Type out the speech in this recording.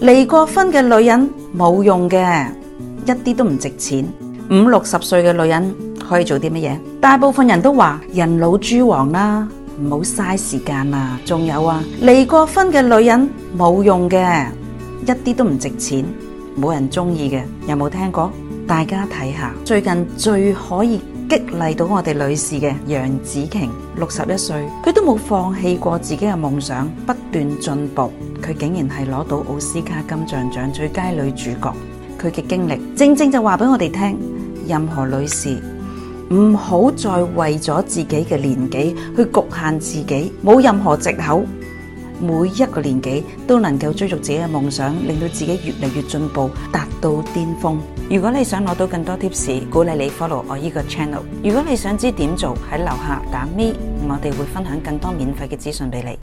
離過婚嘅女人冇用嘅，一啲都唔值錢。五六十歲嘅女人可以做啲乜嘢？大部分人都話人老珠黃啦，唔好嘥時間啦。仲有啊，離過婚嘅女人冇用嘅，一啲都唔值錢，冇人中意嘅，有冇聽過？大家睇下，最近最可以。激勵到我哋女士嘅楊紫瓊，六十一歲，佢都冇放棄過自己嘅夢想，不斷進步。佢竟然係攞到奧斯卡金像獎最佳女主角。佢嘅經歷正正就話俾我哋聽，任何女士唔好再為咗自己嘅年紀去局限自己，冇任何借口。每一個年紀都能夠追逐自己嘅夢想，令到自己越嚟越進步，達到巔峰。如果你想攞到更多 tips，鼓勵你 follow 我呢個 channel。如果你想知點做，喺樓下打 me，我哋會分享更多免費嘅資訊俾你。